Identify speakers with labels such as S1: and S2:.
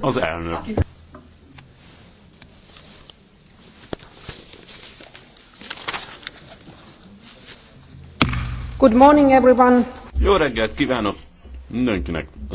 S1: az elnök.
S2: Good morning, everyone.
S3: Jó reggelt kívánok mindenkinek!